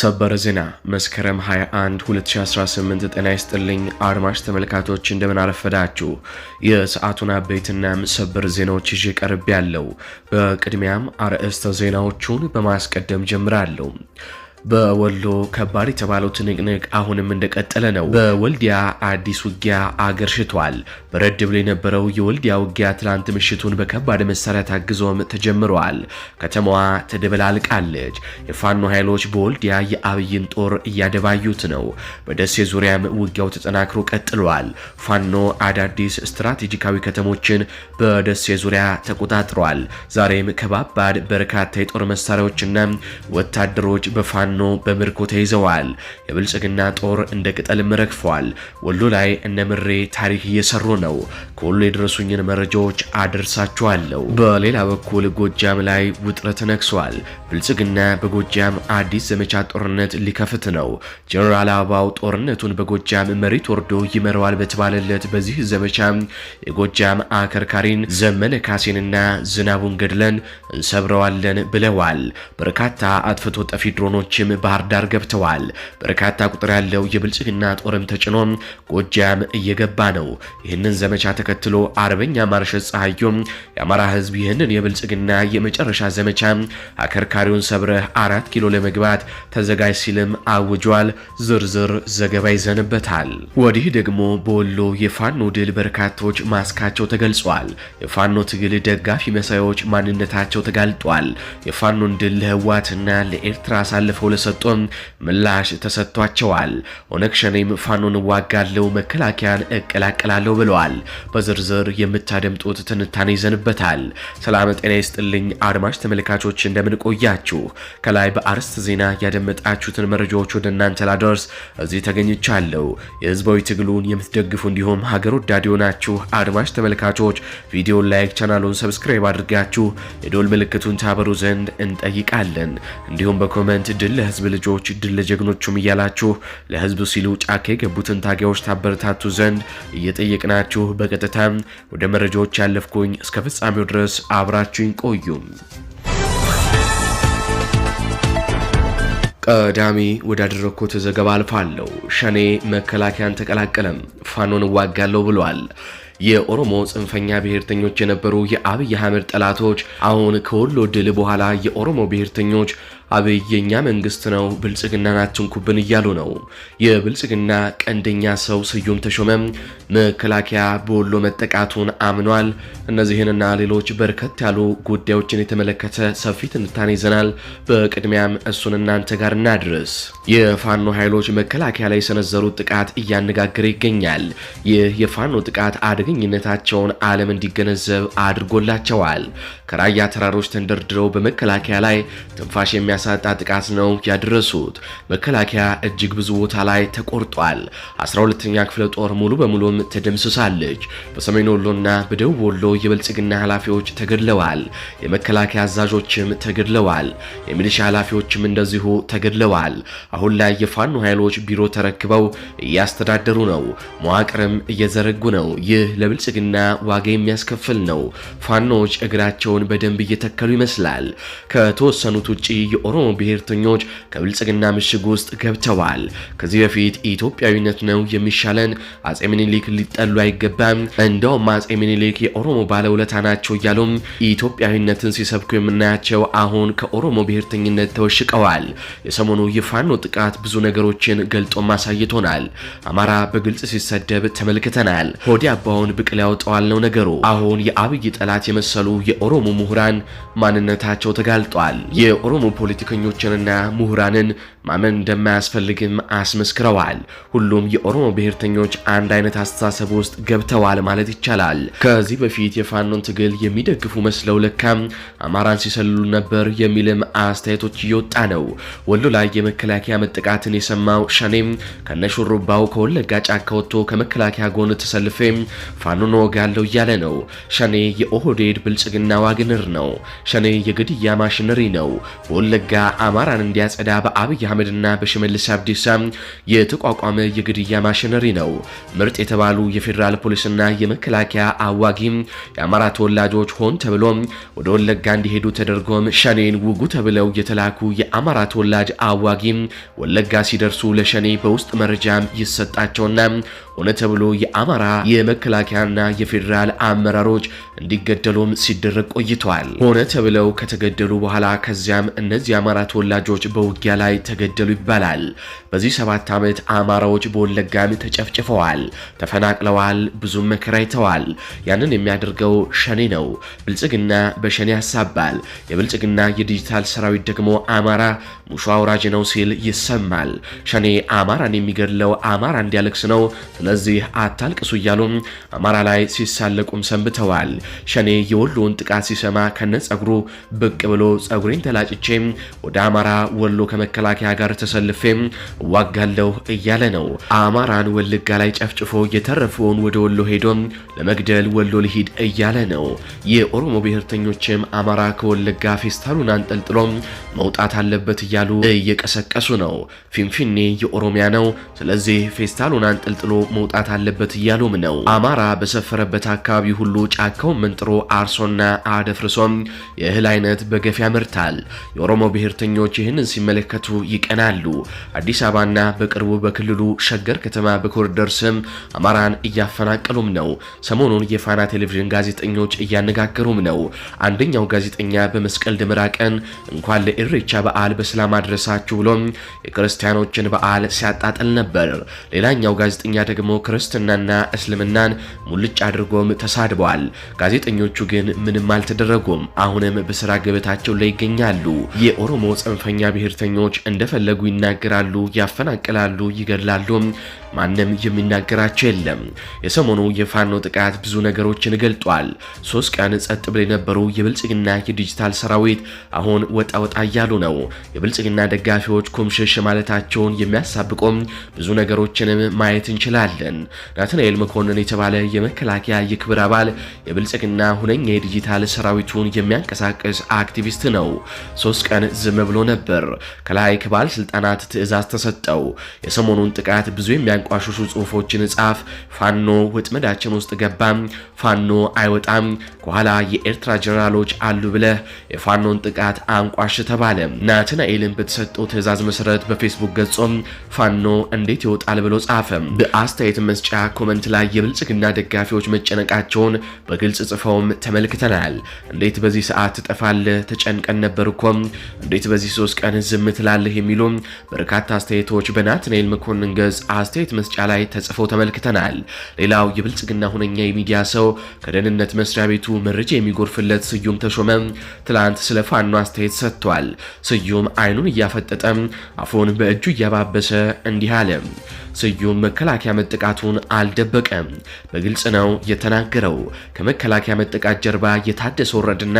ሰበር ዜና መስከረም 21 2018። ጤና ይስጥልኝ አድማጭ ተመልካቾች እንደምን አረፈዳችሁ። የሰዓቱን አበይትናም ሰበር ዜናዎች ይዤ ቀርብ ያለው። በቅድሚያም አርዕስተ ዜናዎቹን በማስቀደም ጀምራለሁ። በወሎ ከባድ የተባለው ትንቅንቅ አሁንም እንደቀጠለ ነው። በወልዲያ አዲስ ውጊያ አገርሽቷል። በረድ ብሎ የነበረው የወልዲያ ውጊያ ትላንት ምሽቱን በከባድ መሳሪያ ታግዞም ተጀምረዋል። ከተማዋ ተደበላልቃለች። የፋኖ ኃይሎች በወልዲያ የአብይን ጦር እያደባዩት ነው። በደሴ ዙሪያም ውጊያው ተጠናክሮ ቀጥሏል። ፋኖ አዳዲስ ስትራቴጂካዊ ከተሞችን በደሴ ዙሪያ ተቆጣጥሯል። ዛሬም ከባባድ በርካታ የጦር መሳሪያዎችና ወታደሮች በፋኖ ፋኖ በምርኮ ተይዘዋል። የብልጽግና ጦር እንደ ቅጠልም ረግፏል። ወሎ ላይ እነ ምሬ ታሪክ እየሰሩ ነው። ከወሎ የደረሱኝን መረጃዎች አደርሳችኋለሁ። በሌላ በኩል ጎጃም ላይ ውጥረት ነግሷል። ብልጽግና በጎጃም አዲስ ዘመቻ ጦርነት ሊከፍት ነው። ጀነራል አበባው ጦርነቱን በጎጃም መሬት ወርዶ ይመራዋል በተባለለት በዚህ ዘመቻ የጎጃም አከርካሪን ዘመነ ካሴንና ዝናቡን ገድለን እንሰብረዋለን ብለዋል። በርካታ አጥፍቶ ጠፊ ድሮኖች ኃይሎችም ባህር ዳር ገብተዋል። በርካታ ቁጥር ያለው የብልጽግና ጦርም ተጭኖ ጎጃም እየገባ ነው። ይህንን ዘመቻ ተከትሎ አርበኛ ማርሸ ፀሐዩም የአማራ ህዝብ ይህንን የብልጽግና የመጨረሻ ዘመቻ አከርካሪውን ሰብረህ አራት ኪሎ ለመግባት ተዘጋጅ ሲልም አውጇል። ዝርዝር ዘገባ ይዘንበታል። ወዲህ ደግሞ በወሎ የፋኖ ድል በርካቶች ማስካቸው ተገልጿል። የፋኖ ትግል ደጋፊ መሳዮች ማንነታቸው ተጋልጧል። የፋኖን ድል ለህዋትና ለኤርትራ አሳልፈው ለሰጡም ምላሽ ተሰጥቷቸዋል። ኦነግ ሸኔም ፋኖን እዋጋለሁ፣ መከላከያን እቀላቀላለሁ ብለዋል። በዝርዝር የምታደምጡት ትንታኔ ይዘንበታል። ሰላም ጤና ይስጥልኝ አድማጭ ተመልካቾች እንደምንቆያችሁ ከላይ በአርስት ዜና ያደመጣችሁትን መረጃዎች ወደ እናንተ ላደርስ እዚህ ተገኝቻለሁ። የህዝባዊ ትግሉን የምትደግፉ እንዲሁም ሀገር ወዳድ የሆናችሁ አድማጭ ተመልካቾች ቪዲዮን ላይክ፣ ቻናሉን ሰብስክራይብ አድርጋችሁ የዶል ምልክቱን ታበሩ ዘንድ እንጠይቃለን። እንዲሁም በኮመንት ድል ለህዝብ ልጆች ድል ለጀግኖቹም እያላችሁ ለህዝብ ሲሉ ጫካ የገቡትን ታጋዮች ታበረታቱ ዘንድ እየጠየቅናችሁ በቀጥታ ወደ መረጃዎች ያለፍኩኝ። እስከ ፍጻሜው ድረስ አብራችሁኝ ቆዩም። ቀዳሚ ወዳደረግኩት ዘገባ አልፋለሁ። ሸኔ መከላከያን ተቀላቀለም ፋኖን እዋጋለሁ ብሏል። የኦሮሞ ጽንፈኛ ብሔርተኞች የነበሩ የአብይ አህመድ ጠላቶች አሁን ከወሎ ድል በኋላ የኦሮሞ ብሔርተኞች አብይ የኛ መንግስት ነው፣ ናችን ኩብን እያሉ ነው። የብልጽግና ቀንደኛ ሰው ስዩም ተሾመ መከላከያ በወሎ መጠቃቱን አምኗል። እነዚህንና ሌሎች በርከት ያሉ ጉዳዮችን የተመለከተ ሰፊ ትንታኔ ይዘናል። በቅድሚያም እሱን እናንተ ጋር እናድርስ። የፋኖ ኃይሎች መከላከያ ላይ የሰነዘሩት ጥቃት እያነጋገረ ይገኛል። ይህ የፋኖ ጥቃት አደገኝነታቸውን ዓለም እንዲገነዘብ አድርጎላቸዋል። ከራያ ተራሮች ተንደርድረው በመከላከያ ላይ ትንፋሽ የሚያ የሚያሳጣ ጥቃት ነው ያደረሱት። መከላከያ እጅግ ብዙ ቦታ ላይ ተቆርጧል። 12ኛ ክፍለ ጦር ሙሉ በሙሉም ተደምስሳለች። በሰሜን ወሎና በደቡብ ወሎ የብልጽግና ኃላፊዎች ተገድለዋል። የመከላከያ አዛዦችም ተገድለዋል። የሚሊሻ ኃላፊዎችም እንደዚሁ ተገድለዋል። አሁን ላይ የፋኖ ኃይሎች ቢሮ ተረክበው እያስተዳደሩ ነው። መዋቅርም እየዘረጉ ነው። ይህ ለብልጽግና ዋጋ የሚያስከፍል ነው። ፋኖዎች እግራቸውን በደንብ እየተከሉ ይመስላል። ከተወሰኑት ውጪ የኦሮሞ ብሔርተኞች ከብልጽግና ምሽግ ውስጥ ገብተዋል። ከዚህ በፊት ኢትዮጵያዊነት ነው የሚሻለን፣ አጼ ምኒልክ ሊጠሉ አይገባም፣ እንደውም አጼ ምኒልክ የኦሮሞ ባለውለታ ናቸው እያሉም ኢትዮጵያዊነትን ሲሰብኩ የምናያቸው አሁን ከኦሮሞ ብሔርተኝነት ተወሽቀዋል። የሰሞኑ የፋኖ ጥቃት ብዙ ነገሮችን ገልጦ ማሳይቶናል። አማራ በግልጽ ሲሰደብ ተመልክተናል። ሆዲ አባውን ብቅል ሊያወጣዋል ነው ነገሩ። አሁን የአብይ ጠላት የመሰሉ የኦሮሞ ምሁራን ማንነታቸው ተጋልጧል። የኦሮሞ ፖለቲ ፖለቲከኞችንና ምሁራንን ማመን እንደማያስፈልግም አስመስክረዋል። ሁሉም የኦሮሞ ብሔርተኞች አንድ አይነት አስተሳሰብ ውስጥ ገብተዋል ማለት ይቻላል። ከዚህ በፊት የፋኖን ትግል የሚደግፉ መስለው ለካም አማራን ሲሰልሉ ነበር የሚልም አስተያየቶች እየወጣ ነው። ወሎ ላይ የመከላከያ መጠቃትን የሰማው ሸኔም ከነሹሩባው ከወለጋ ጫካ ወጥቶ ከመከላከያ ጎን ተሰልፌ ፋኖን ወጋለው እያለ ነው። ሸኔ የኦህዴድ ብልጽግና ዋግንር ነው። ሸኔ የግድያ ማሽነሪ ነው። በወለጋ አማራን እንዲያጸዳ በአብይ አህመድና በሽመልስ አብዲሳ የተቋቋመ የግድያ ማሽነሪ ነው። ምርጥ የተባሉ የፌዴራል ፖሊስና የመከላከያ አዋጊም የአማራ ተወላጆች ሆን ተብሎ ወደ ወለጋ እንዲሄዱ ተደርጎም ሸኔን ውጉ ተብለው የተላኩ የአማራ ተወላጅ አዋጊም ወለጋ ሲደርሱ ለሸኔ በውስጥ መረጃም ይሰጣቸውና ሆነ ተብሎ የአማራ የመከላከያና የፌዴራል አመራሮች እንዲገደሉም ሲደረግ ቆይቷል። ሆነ ተብለው ከተገደሉ በኋላ ከዚያም እነዚህ የአማራ ተወላጆች በውጊያ ላይ ተገደሉ ይባላል። በዚህ ሰባት ዓመት አማራዎች በወለጋም ተጨፍጭፈዋል፣ ተፈናቅለዋል፣ ብዙም መከራ አይተዋል። ያንን የሚያደርገው ሸኔ ነው። ብልጽግና በሸኔ ያሳባል። የብልጽግና የዲጂታል ሰራዊት ደግሞ አማራ ሙሾ አውራጅ ነው ሲል ይሰማል። ሸኔ አማራን የሚገድለው አማራ እንዲያለቅስ ነው። ስለዚህ አታልቅሱ እያሉም አማራ ላይ ሲሳለቁም ሰንብተዋል። ሸኔ የወሎውን ጥቃት ሲሰማ ከነ ጸጉሩ ብቅ ብሎ ጸጉሬን ተላጭቼም ወደ አማራ ወሎ ከመከላከያ ጋር ተሰልፌም እዋጋለሁ እያለ ነው። አማራን ወልጋ ላይ ጨፍጭፎ የተረፈውን ወደ ወሎ ሄዶም ለመግደል ወሎ ሊሂድ እያለ ነው። የኦሮሞ ብሔርተኞችም አማራ ከወለጋ ፌስታሉን አንጠልጥሎም መውጣት አለበት እያሉ እየቀሰቀሱ ነው። ፊንፊኔ የኦሮሚያ ነው። ስለዚህ ፌስታሉን አንጠልጥሎ መውጣት አለበት እያሉም ነው። አማራ በሰፈረበት አካባቢ ሁሉ ጫካው መንጥሮ አርሶና አደፍርሶም የእህል አይነት በገፍ ያመርታል። የኦሮሞ ብሔርተኞች ይህንን ሲመለከቱ ይቀናሉ። አዲስ አበባና በቅርቡ በክልሉ ሸገር ከተማ በኮሪደር ስም አማራን እያፈናቀሉም ነው። ሰሞኑን የፋና ቴሌቪዥን ጋዜጠኞች እያነጋገሩም ነው። አንደኛው ጋዜጠኛ በመስቀል ደመራ ቀን እንኳን ለኢሬቻ በዓል በሰላም አድረሳችሁ ብሎም የክርስቲያኖችን በዓል ሲያጣጥል ነበር። ሌላኛው ጋዜጠኛ ደግሞ ደግሞ ክርስትናና እስልምናን ሙልጭ አድርጎም ተሳድበዋል። ጋዜጠኞቹ ግን ምንም አልተደረጉም። አሁንም በስራ ገበታቸው ላይ ይገኛሉ። የኦሮሞ ጽንፈኛ ብሔርተኞች እንደፈለጉ ይናገራሉ፣ ያፈናቅላሉ፣ ይገድላሉ። ማንም የሚናገራቸው የለም። የሰሞኑ የፋኖ ጥቃት ብዙ ነገሮችን ገልጧል። ሶስት ቀን ጸጥ ብለው የነበሩ የብልጽግና የዲጂታል ሰራዊት አሁን ወጣ ወጣ እያሉ ነው። የብልጽግና ደጋፊዎች ኩምሽሽ ማለታቸውን የሚያሳብቁም ብዙ ነገሮችንም ማየት እንችላለን። አለን። ናትናኤል መኮንን የተባለ የመከላከያ የክብር አባል የብልጽግና ሁነኛ የዲጂታል ሰራዊቱን የሚያንቀሳቅስ አክቲቪስት ነው። ሶስት ቀን ዝም ብሎ ነበር። ከላይ ከባለስልጣናት ትዕዛዝ ተሰጠው። የሰሞኑን ጥቃት ብዙ የሚያንቋሽሹ ጽሁፎችን ጻፍ። ፋኖ ወጥመዳችን ውስጥ ገባም፣ ፋኖ አይወጣም፣ ከኋላ የኤርትራ ጀነራሎች አሉ ብለህ የፋኖን ጥቃት አንቋሽ ተባለ። ናትናኤልን በተሰጠው ትዕዛዝ መሰረት በፌስቡክ ገጾም ፋኖ እንዴት ይወጣል ብሎ ጻፈ። አስተያየት መስጫ ኮመንት ላይ የብልጽግና ደጋፊዎች መጨነቃቸውን በግልጽ ጽፈውም ተመልክተናል። እንዴት በዚህ ሰዓት ትጠፋለህ? ተጨንቀን ነበር እኮም። እንዴት በዚህ ሶስት ቀን ዝም ትላለህ? የሚሉ በርካታ አስተያየቶች በናትናኤል መኮንን ገጽ አስተያየት መስጫ ላይ ተጽፈው ተመልክተናል። ሌላው የብልጽግና ሁነኛ የሚዲያ ሰው ከደህንነት መስሪያ ቤቱ መረጃ የሚጎርፍለት ስዩም ተሾመ ትላንት ስለ ፋኖ አስተያየት ሰጥቷል። ስዩም አይኑን እያፈጠጠ አፉን በእጁ እያባበሰ እንዲህ አለ። ስዩም መከላከያ መጠቃቱን አልደበቀም፣ በግልጽ ነው የተናገረው። ከመከላከያ መጠቃት ጀርባ የታደሰ ወረደና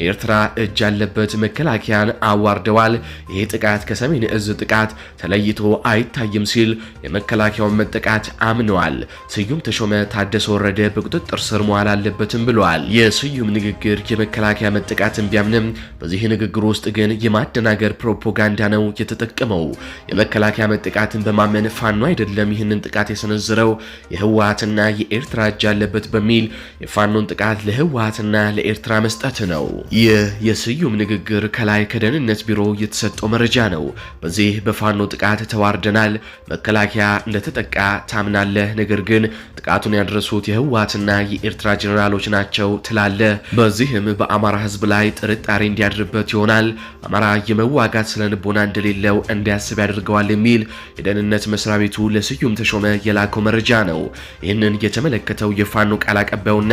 የኤርትራ እጅ ያለበት መከላከያን አዋርደዋል። ይህ ጥቃት ከሰሜን እዝ ጥቃት ተለይቶ አይታይም ሲል የመከላከያውን መጠቃት አምነዋል። ስዩም ተሾመ ታደሰ ወረደ በቁጥጥር ስር መዋል አለበትም ብለዋል። የስዩም ንግግር የመከላከያ መጠቃትን ቢያምንም በዚህ ንግግር ውስጥ ግን የማደናገር ፕሮፓጋንዳ ነው የተጠቀመው። የመከላከያ መጠቃትን በማመን ፋኖ አይደለም ይህንን ጥቃት የሰነዘረው የህወሀትና የኤርትራ እጅ አለበት በሚል የፋኖን ጥቃት ለህወሀትና ለኤርትራ መስጠት ነው። ይህ የስዩም ንግግር ከላይ ከደህንነት ቢሮ የተሰጠው መረጃ ነው። በዚህ በፋኖ ጥቃት ተዋርደናል፣ መከላከያ እንደተጠቃ ታምናለህ፣ ነገር ግን ጥቃቱን ያደረሱት የህወሀትና የኤርትራ ጀኔራሎች ናቸው ትላለህ። በዚህም በአማራ ህዝብ ላይ ጥርጣሬ እንዲያድርበት ይሆናል። አማራ የመዋጋት ስለንቦና እንደሌለው እንዲያስብ ያደርገዋል የሚል የደህንነት መስሪያ ቤቱ ምንጩ ለስዩም ተሾመ የላከው መረጃ ነው። ይህንን የተመለከተው የፋኖ ቃል አቀባዩና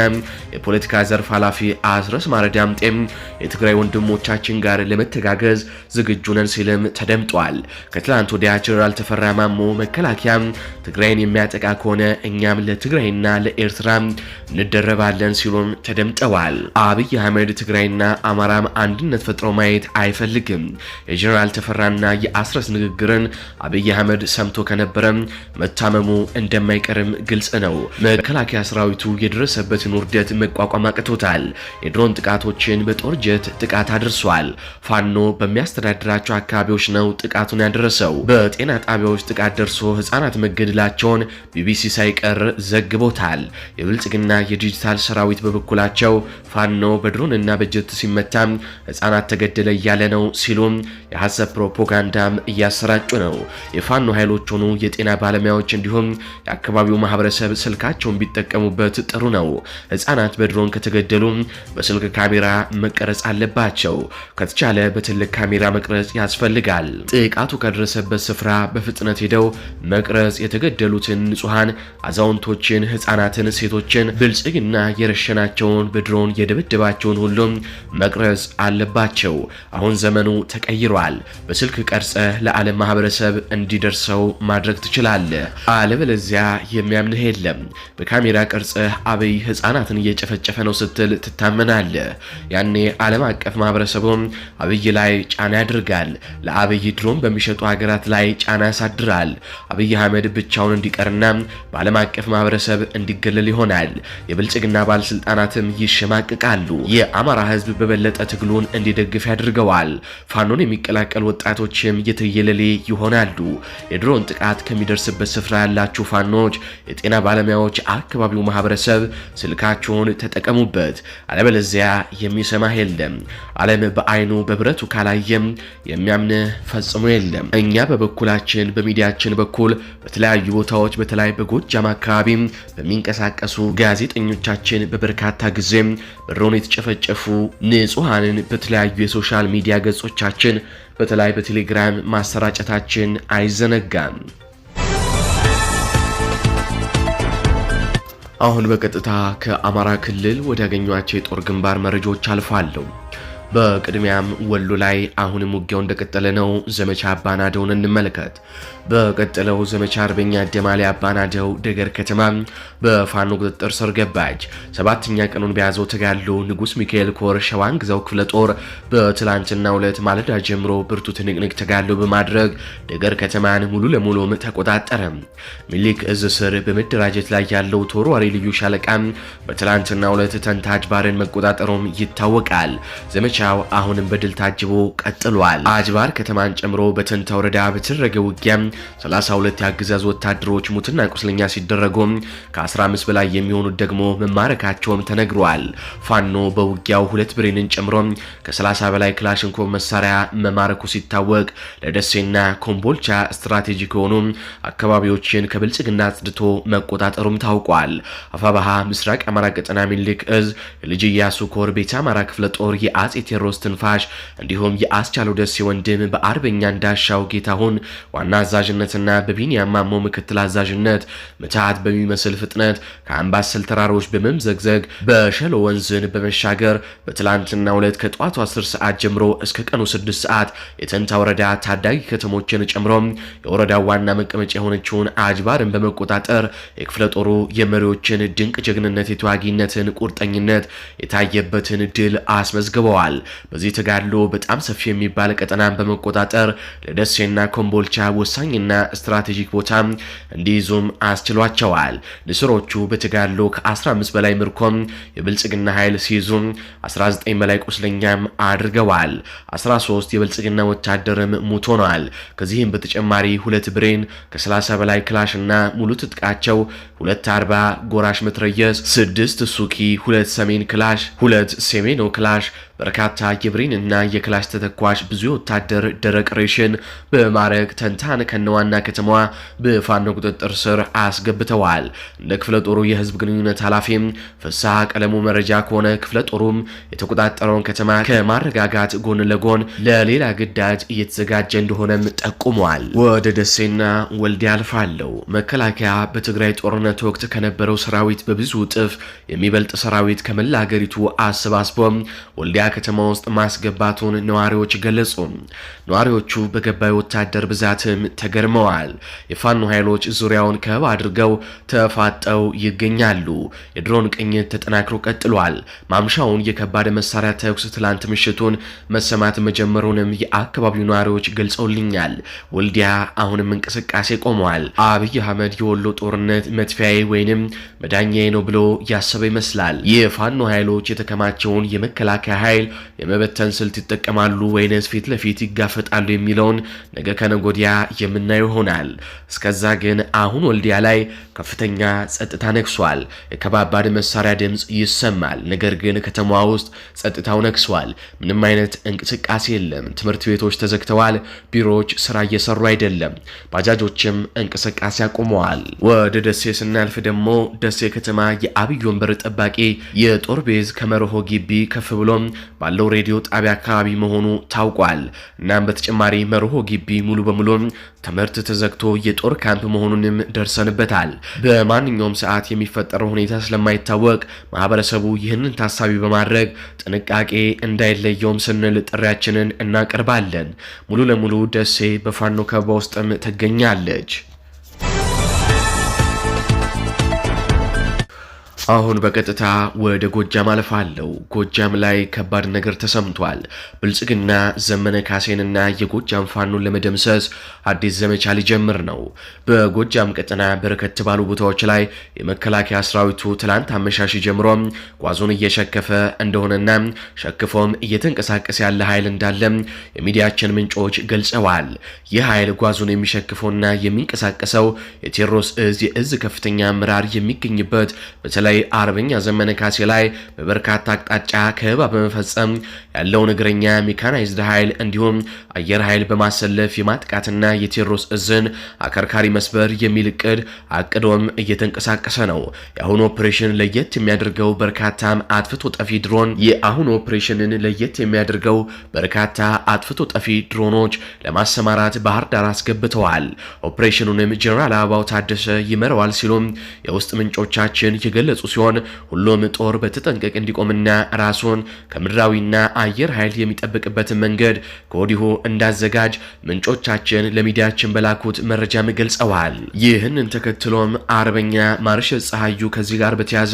የፖለቲካ ዘርፍ ኃላፊ አስረስ ማረዳምጤም የትግራይ ወንድሞቻችን ጋር ለመተጋገዝ ዝግጁ ነን ሲልም ተደምጧል። ከትላንት ወዲያ ጀነራል ተፈራ ማሞ መከላከያ ትግራይን የሚያጠቃ ከሆነ እኛም ለትግራይና ለኤርትራ እንደረባለን ሲሉም ተደምጠዋል። አብይ አህመድ ትግራይና አማራም አንድነት ፈጥሮ ማየት አይፈልግም። የጀነራል ተፈራና የአስረስ ንግግርን አብይ አህመድ ሰምቶ ከነበረ መታመሙ እንደማይቀርም ግልጽ ነው። መከላከያ ሰራዊቱ የደረሰበትን ውርደት መቋቋም አቅቶታል። የድሮን ጥቃቶችን በጦር ጀት ጥቃት አድርሷል። ፋኖ በሚያስተዳድራቸው አካባቢዎች ነው ጥቃቱን ያደረሰው። በጤና ጣቢያዎች ጥቃት ደርሶ ህጻናት መገደላቸውን ቢቢሲ ሳይቀር ዘግቦታል። የብልጽግና የዲጂታል ሰራዊት በበኩላቸው ፋኖ በድሮንና በጀት ሲመታ ህጻናት ተገደለ እያለ ነው ሲሉም የሐሰት ፕሮፓጋንዳም እያሰራጩ ነው። የፋኖ ኃይሎች ሆኑ የጤና የጤና ባለሙያዎች እንዲሁም የአካባቢው ማህበረሰብ ስልካቸውን ቢጠቀሙበት ጥሩ ነው። ህጻናት በድሮን ከተገደሉ በስልክ ካሜራ መቀረጽ አለባቸው። ከተቻለ በትልቅ ካሜራ መቅረጽ ያስፈልጋል። ጥቃቱ ከደረሰበት ስፍራ በፍጥነት ሄደው መቅረጽ የተገደሉትን ንጹሐን፣ አዛውንቶችን፣ ህጻናትን፣ ሴቶችን ብልጽግና የረሸናቸውን በድሮን የደበደባቸውን ሁሉም መቅረጽ አለባቸው። አሁን ዘመኑ ተቀይሯል። በስልክ ቀርጸ ለዓለም ማህበረሰብ እንዲደርሰው ማድረግ ትችላለህ፣ አለበለዚያ የሚያምንህ የለም። በካሜራ ቅርጽ አብይ ህፃናትን እየጨፈጨፈ ነው ስትል ትታመናለህ። ያኔ ዓለም አቀፍ ማህበረሰቡም አብይ ላይ ጫና ያደርጋል። ለአብይ ድሮን በሚሸጡ ሀገራት ላይ ጫና ያሳድራል። አብይ አህመድ ብቻውን እንዲቀርና በዓለም አቀፍ ማህበረሰብ እንዲገለል ይሆናል። የብልጽግና ባለስልጣናትም ይሸማቅቃሉ። የአማራ ህዝብ በበለጠ ትግሉን እንዲደግፍ ያድርገዋል። ፋኖን የሚቀላቀል ወጣቶችም የትየለሌ ይሆናሉ። የድሮን ጥቃት ከሚ በሚደርስበት ስፍራ ያላችሁ ፋኖች፣ የጤና ባለሙያዎች፣ አካባቢው ማህበረሰብ ስልካችሁን ተጠቀሙበት። አለበለዚያ የሚሰማህ የለም። ዓለም በአይኑ በብረቱ ካላየም የሚያምንህ ፈጽሞ የለም። እኛ በበኩላችን በሚዲያችን በኩል በተለያዩ ቦታዎች በተለይ በጎጃም አካባቢ በሚንቀሳቀሱ ጋዜጠኞቻችን በበርካታ ጊዜ ብሮን የተጨፈጨፉ ንጹሐንን በተለያዩ የሶሻል ሚዲያ ገጾቻችን በተለይ በቴሌግራም ማሰራጨታችን አይዘነጋም። አሁን በቀጥታ ከአማራ ክልል ወዳገኟቸው የጦር ግንባር መረጃዎች አልፋለሁ። በቅድሚያም ወሎ ላይ አሁንም ውጊያው እንደቀጠለ ነው። ዘመቻ አባናደውን እንመልከት። በቀጠለው ዘመቻ አርበኛ ደማሊ አባናደው ደገር ከተማ በፋኖ ቁጥጥር ስር ገባች። ሰባተኛ ቀኑን በያዘው ተጋድሎ ንጉሥ ሚካኤል ኮር ሸዋን ግዛው ክፍለ ጦር በትላንትና ዕለት ማለዳ ጀምሮ ብርቱ ትንቅንቅ ተጋድሎ በማድረግ ደገር ከተማን ሙሉ ለሙሉም ተቆጣጠረ። ሚሊክ እዝ ስር በመደራጀት ላይ ያለው ተወርዋሪ ልዩ ሻለቃ በትላንትና ዕለት ተንታጅ ባርን መቆጣጠሩም ይታወቃል። ዘመቻው አሁንም በድል ታጅቦ ቀጥሏል። አጅባር ከተማን ጨምሮ በተንታ ወረዳ በተደረገ ውጊያ 32 የአገዛዝ ወታደሮች ሙትና ቁስለኛ ሲደረጉ ከ15 በላይ የሚሆኑት ደግሞ መማረካቸውም ተነግሯል። ፋኖ በውጊያው ሁለት ብሬንን ጨምሮ ከ30 በላይ ክላሽንኮቭ መሳሪያ መማረኩ ሲታወቅ ለደሴና ኮምቦልቻ ስትራቴጂክ የሆኑ አካባቢዎችን ከብልጽግና አጽድቶ መቆጣጠሩም ታውቋል። አፋባሃ ምስራቅ አማራ ቀጠና ሚኒልክ እዝ የልጅ ኢያሱ ኮር ቤተ አማራ ክፍለ ጦር የአጼ ቴዎድሮስ ትንፋሽ እንዲሁም የአስቻለው ደሴ ወንድም በአርበኛ እንዳሻው ጌታሁን ዋና አዛዥ አዛዥነትና በቢንያም ማሞ ምክትል አዛዥነት ምትሃት በሚመስል ፍጥነት ከአምባሰል ተራሮች በመምዘግዘግ በሸሎ ወንዝን በመሻገር በትላንትና ሁለት ከጠዋቱ 10 ሰዓት ጀምሮ እስከ ቀኑ 6 ሰዓት የተንታ ወረዳ ታዳጊ ከተሞችን ጨምሮ የወረዳው ዋና መቀመጫ የሆነችውን አጅባርን በመቆጣጠር የክፍለ ጦሩ የመሪዎችን ድንቅ ጀግንነት፣ የተዋጊነትን ቁርጠኝነት የታየበትን ድል አስመዝግበዋል። በዚህ ተጋድሎ በጣም ሰፊ የሚባል ቀጠናን በመቆጣጠር ለደሴና ኮምቦልቻ ወሳኝ ወሳኝና ስትራቴጂክ ቦታ እንዲይዙም አስችሏቸዋል። ንስሮቹ በተጋድሎ ከ15 በላይ ምርኮም የብልጽግና ኃይል ሲይዙ 19 በላይ ቁስለኛም አድርገዋል። 13 የብልጽግና ወታደርም ሙት ሆኗል። ከዚህም በተጨማሪ ሁለት ብሬን ከ30 በላይ ክላሽ እና ሙሉ ትጥቃቸው ሁለት 40 ጎራሽ መትረየስ፣ ስድስት ሱኪ፣ ሁለት ሰሜን ክላሽ፣ ሁለት ሴሜኖ ክላሽ በርካታ የብሬን እና የክላሽ ተተኳሽ ብዙ የወታደር ደረቅ ሬሽን በማረግ ተንታን ከነዋና ከተማዋ በፋኖ ቁጥጥር ስር አስገብተዋል። እንደ ክፍለ ጦሩ የህዝብ ግንኙነት ኃላፊም ፍስሐ ቀለሙ መረጃ ከሆነ ክፍለ ጦሩም የተቆጣጠረውን ከተማ ከማረጋጋት ጎን ለጎን ለሌላ ግዳጅ እየተዘጋጀ እንደሆነም ጠቁመዋል። ወደ ደሴና ወልዲያ አልፋለሁ። መከላከያ በትግራይ ጦርነት ወቅት ከነበረው ሰራዊት በብዙ እጥፍ የሚበልጥ ሰራዊት ከመላ አገሪቱ አሰባስቦም ወልዲያ ከተማ ውስጥ ማስገባቱን ነዋሪዎች ገለጹ። ነዋሪዎቹ በገባይ ወታደር ብዛትም ተገርመዋል። የፋኖ ኃይሎች ዙሪያውን ከበብ አድርገው ተፋጠው ይገኛሉ። የድሮን ቅኝት ተጠናክሮ ቀጥሏል። ማምሻውን የከባድ መሳሪያ ተኩስ ትላንት ምሽቱን መሰማት መጀመሩንም የአካባቢው ነዋሪዎች ገልጸውልኛል። ወልዲያ አሁንም እንቅስቃሴ ቆመዋል። አብይ አህመድ የወሎ ጦርነት መጥፊያዬ ወይንም መዳኛዬ ነው ብሎ ያሰበ ይመስላል። የፋኖ ኃይሎች የተከማቸውን የመከላከያ ኃይል የመበተን ስልት ይጠቀማሉ ወይንስ ፊት ለፊት ይጋፈጣሉ የሚለውን ነገ ከነጎዲያ የምናየው ይሆናል። እስከዛ ግን አሁን ወልዲያ ላይ ከፍተኛ ጸጥታ ነግሷል። የከባባድ መሳሪያ ድምፅ ይሰማል። ነገር ግን ከተማዋ ውስጥ ጸጥታው ነግሷል። ምንም አይነት እንቅስቃሴ የለም። ትምህርት ቤቶች ተዘግተዋል። ቢሮዎች ስራ እየሰሩ አይደለም። ባጃጆችም እንቅስቃሴ አቁመዋል። ወደ ደሴ ስናልፍ ደግሞ ደሴ ከተማ የአብይ ወንበር ጠባቂ የጦር ቤዝ ከመርሆ ግቢ ከፍ ብሎም ባለው ሬዲዮ ጣቢያ አካባቢ መሆኑ ታውቋል። እናም በተጨማሪ መርሆ ግቢ ሙሉ በሙሉ ትምህርት ተዘግቶ የጦር ካምፕ መሆኑንም ደርሰንበታል። በማንኛውም ሰዓት የሚፈጠረው ሁኔታ ስለማይታወቅ ማህበረሰቡ ይህንን ታሳቢ በማድረግ ጥንቃቄ እንዳይለየውም ስንል ጥሪያችንን እናቀርባለን። ሙሉ ለሙሉ ደሴ በፋኖ ከበባ ውስጥም ትገኛለች። አሁን በቀጥታ ወደ ጎጃም አልፋለሁ። ጎጃም ላይ ከባድ ነገር ተሰምቷል። ብልጽግና ዘመነ ካሴንና የጎጃም ፋኖን ለመደምሰስ አዲስ ዘመቻ ሊጀምር ነው። በጎጃም ቀጠና በርከት ባሉ ቦታዎች ላይ የመከላከያ ሰራዊቱ ትላንት አመሻሽ ጀምሮ ጓዙን እየሸከፈ እንደሆነና ሸክፎም እየተንቀሳቀሰ ያለ ኃይል እንዳለ የሚዲያችን ምንጮች ገልጸዋል። ይህ ኃይል ጓዙን የሚሸክፈውና የሚንቀሳቀሰው የቴዎድሮስ እዝ የእዝ ከፍተኛ አመራር የሚገኝበት በተለይ በተለይ አርበኛ ዘመነ ካሴ ላይ በበርካታ አቅጣጫ ከበባ በመፈጸም ያለውን እግረኛ ሜካናይዝድ ኃይል እንዲሁም አየር ኃይል በማሰለፍ የማጥቃትና የቴዎድሮስ እዝን አከርካሪ መስበር የሚል እቅድ አቅዶም እየተንቀሳቀሰ ነው። የአሁኑ ኦፕሬሽን ለየት የሚያደርገው በርካታ አጥፍቶ ጠፊ ድሮን የአሁኑ ኦፕሬሽንን ለየት የሚያደርገው በርካታ አጥፍቶ ጠፊ ድሮኖች ለማሰማራት ባህር ዳር አስገብተዋል። ኦፕሬሽኑንም ጀኔራል አበባው ታደሰ ይመረዋል ሲሉም የውስጥ ምንጮቻችን የገለጹ የገለጹ ሲሆን ሁሉም ጦር በተጠንቀቅ እንዲቆምና ራሱን ከምድራዊና አየር ኃይል የሚጠብቅበትን መንገድ ከወዲሁ እንዳዘጋጅ ምንጮቻችን ለሚዲያችን በላኩት መረጃም ገልጸዋል። ይህንን ተከትሎም አርበኛ ማርሸል ፀሐዩ ከዚህ ጋር በተያዘ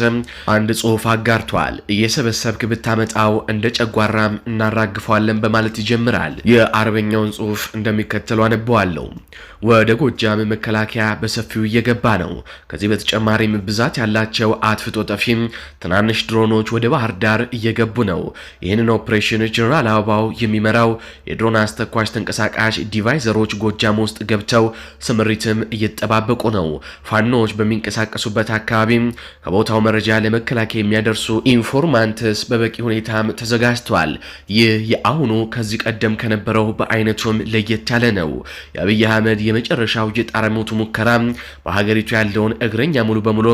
አንድ ጽሑፍ አጋርቷል። እየሰበሰብክ ብታመጣው እንደ ጨጓራም እናራግፈዋለን በማለት ይጀምራል። የአርበኛውን ጽሑፍ እንደሚከተሉ አነበዋለሁ። ወደ ጎጃም መከላከያ በሰፊው እየገባ ነው። ከዚህ በተጨማሪም ብዛት ያላቸው አ አጥፍቶ ጠፊም ትናንሽ ድሮኖች ወደ ባህር ዳር እየገቡ ነው። ይህንን ኦፕሬሽን ጀኔራል አበባው የሚመራው የድሮን አስተኳሽ ተንቀሳቃሽ ዲቫይዘሮች ጎጃም ውስጥ ገብተው ስምሪትም እየተጠባበቁ ነው። ፋኖዎች በሚንቀሳቀሱበት አካባቢም ከቦታው መረጃ ለመከላከያ የሚያደርሱ ኢንፎርማንትስ በበቂ ሁኔታም ተዘጋጅተዋል። ይህ የአሁኑ ከዚህ ቀደም ከነበረው በአይነቱም ለየት ያለ ነው። የአብይ አህመድ የመጨረሻው የጣረሞቱ ሙከራ በሀገሪቱ ያለውን እግረኛ ሙሉ በሙሉ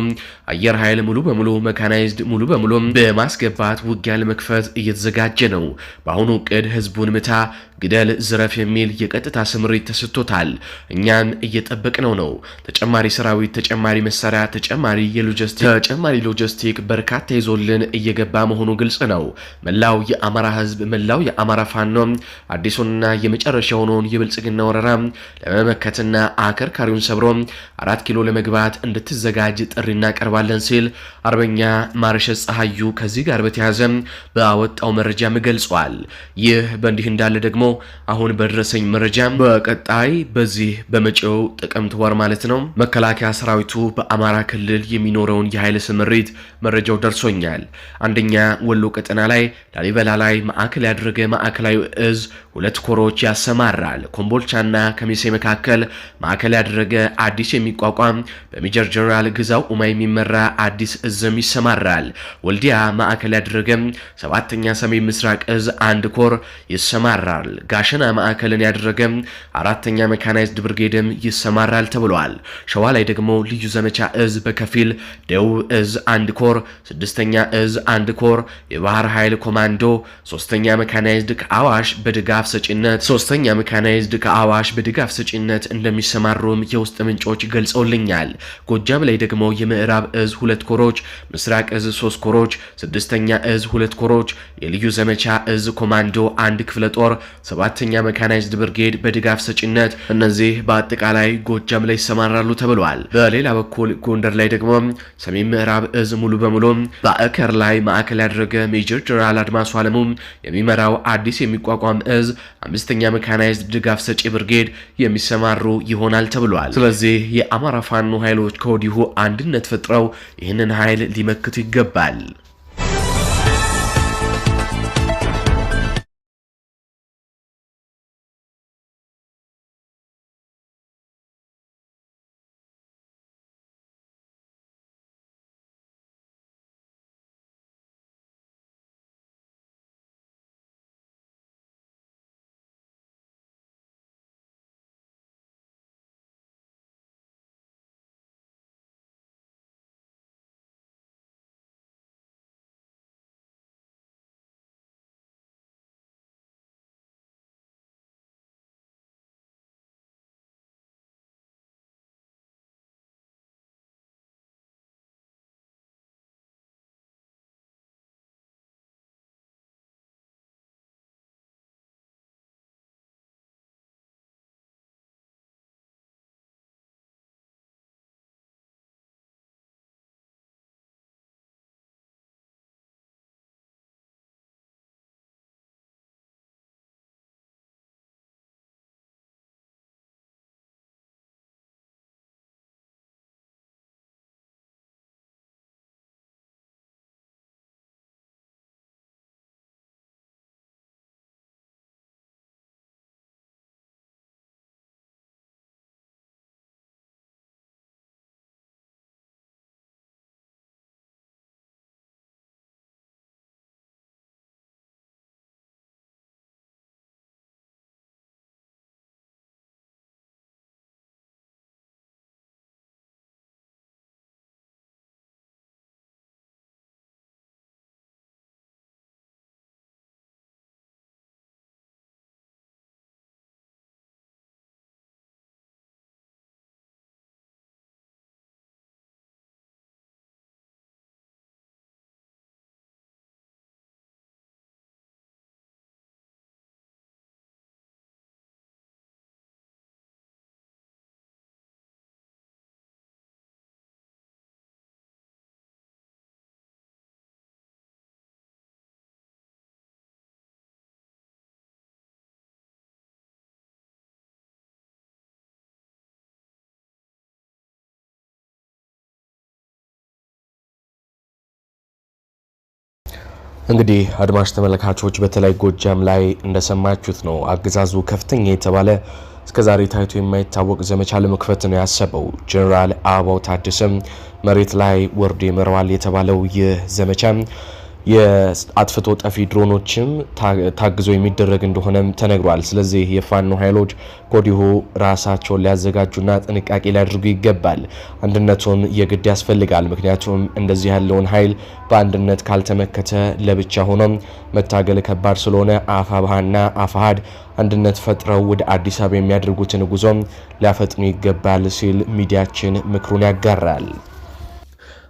አየር ኃይል ሙሉ ሙሉ በሙሉ መካናይዝድ ሙሉ በሙሉ በማስገባት ውጊያ ለመክፈት እየተዘጋጀ ነው። በአሁኑ እቅድ ህዝቡን ምታ ግደል፣ ዝረፍ የሚል የቀጥታ ስምሪት ተሰጥቶታል። እኛም እየጠበቅነው ነው። ተጨማሪ ሰራዊት፣ ተጨማሪ መሳሪያ፣ ተጨማሪ የሎጂስቲክ ተጨማሪ ሎጂስቲክ በርካታ ይዞልን እየገባ መሆኑ ግልጽ ነው። መላው የአማራ ህዝብ፣ መላው የአማራ ፋኖ አዲሱንና የመጨረሻ የሆነውን የብልጽግና ወረራ ለመመከትና አከርካሪውን ሰብሮ አራት ኪሎ ለመግባት እንድትዘጋጅ ጥሪ እናቀርባለን ሲል አርበኛ ማርሸ ፀሐዩ ከዚህ ጋር በተያያዘ በአወጣው መረጃም ገልጿል። ይህ በእንዲህ እንዳለ ደግሞ ደግሞ አሁን በደረሰኝ መረጃም በቀጣይ በዚህ በመጪው ጥቅምት ወር ማለት ነው መከላከያ ሰራዊቱ በአማራ ክልል የሚኖረውን የኃይል ስምሪት መረጃው ደርሶኛል። አንደኛ ወሎ ቀጠና ላይ ላሊበላ ላይ ማዕከል ያደረገ ማዕከላዊ እዝ ሁለት ኮሮች ያሰማራል። ኮምቦልቻና ከሚሴ መካከል ማዕከል ያደረገ አዲስ የሚቋቋም በሜጀር ጀነራል ግዛው ኡማ የሚመራ አዲስ እዝም ይሰማራል። ወልዲያ ማዕከል ያደረገም ሰባተኛ ሰሜን ምስራቅ እዝ አንድ ኮር ይሰማራል። ጋሸና ማዕከልን ያደረገ አራተኛ መካናይዝድ ብርጌድም ይሰማራል ተብሏል። ሸዋ ላይ ደግሞ ልዩ ዘመቻ እዝ በከፊል ደቡብ እዝ አንድ ኮር፣ ስድስተኛ እዝ አንድ ኮር፣ የባህር ኃይል ኮማንዶ፣ ሶስተኛ መካናይዝድ ከአዋሽ በድጋፍ ሰጪነት ሶስተኛ መካናይዝድ ከአዋሽ በድጋፍ ሰጪነት እንደሚሰማሩም የውስጥ ምንጮች ገልጸውልኛል። ጎጃም ላይ ደግሞ የምዕራብ እዝ ሁለት ኮሮች፣ ምስራቅ እዝ ሶስት ኮሮች፣ ስድስተኛ እዝ ሁለት ኮሮች፣ የልዩ ዘመቻ እዝ ኮማንዶ አንድ ክፍለ ጦር ሰባተኛ መካናይዝድ ብርጌድ በድጋፍ ሰጪነት እነዚህ በአጠቃላይ ጎጃም ላይ ይሰማራሉ ተብሏል። በሌላ በኩል ጎንደር ላይ ደግሞ ሰሜን ምዕራብ እዝ ሙሉ በሙሉ በአከር ላይ ማዕከል ያደረገ ሜጀር ጀነራል አድማሱ አለሙ የሚመራው አዲስ የሚቋቋም እዝ አምስተኛ መካናይዝድ ድጋፍ ሰጪ ብርጌድ የሚሰማሩ ይሆናል ተብሏል። ስለዚህ የአማራ ፋኖ ኃይሎች ከወዲሁ አንድነት ፈጥረው ይህንን ኃይል ሊመክቱ ይገባል። እንግዲህ አድማጭ ተመልካቾች በተለይ ጎጃም ላይ እንደሰማችሁት ነው። አገዛዙ ከፍተኛ የተባለ እስከዛሬ ታይቶ የማይታወቅ ዘመቻ ለመክፈት ነው ያሰበው። ጀኔራል አበባው ታደሰም መሬት ላይ ወርዶ ይመራዋል የተባለው ይህ ዘመቻ የአጥፍቶ ጠፊ ድሮኖችም ታግዞ የሚደረግ እንደሆነም ተነግሯል። ስለዚህ የፋኖ ኃይሎች ከወዲሁ ራሳቸውን ሊያዘጋጁና ጥንቃቄ ሊያደርጉ ይገባል። አንድነቱም የግድ ያስፈልጋል። ምክንያቱም እንደዚህ ያለውን ኃይል በአንድነት ካልተመከተ ለብቻ ሆኖም መታገል ከባድ ስለሆነ አፋብኃና አፋሃድ አንድነት ፈጥረው ወደ አዲስ አበባ የሚያደርጉትን ጉዞም ሊያፈጥኑ ይገባል ሲል ሚዲያችን ምክሩን ያጋራል።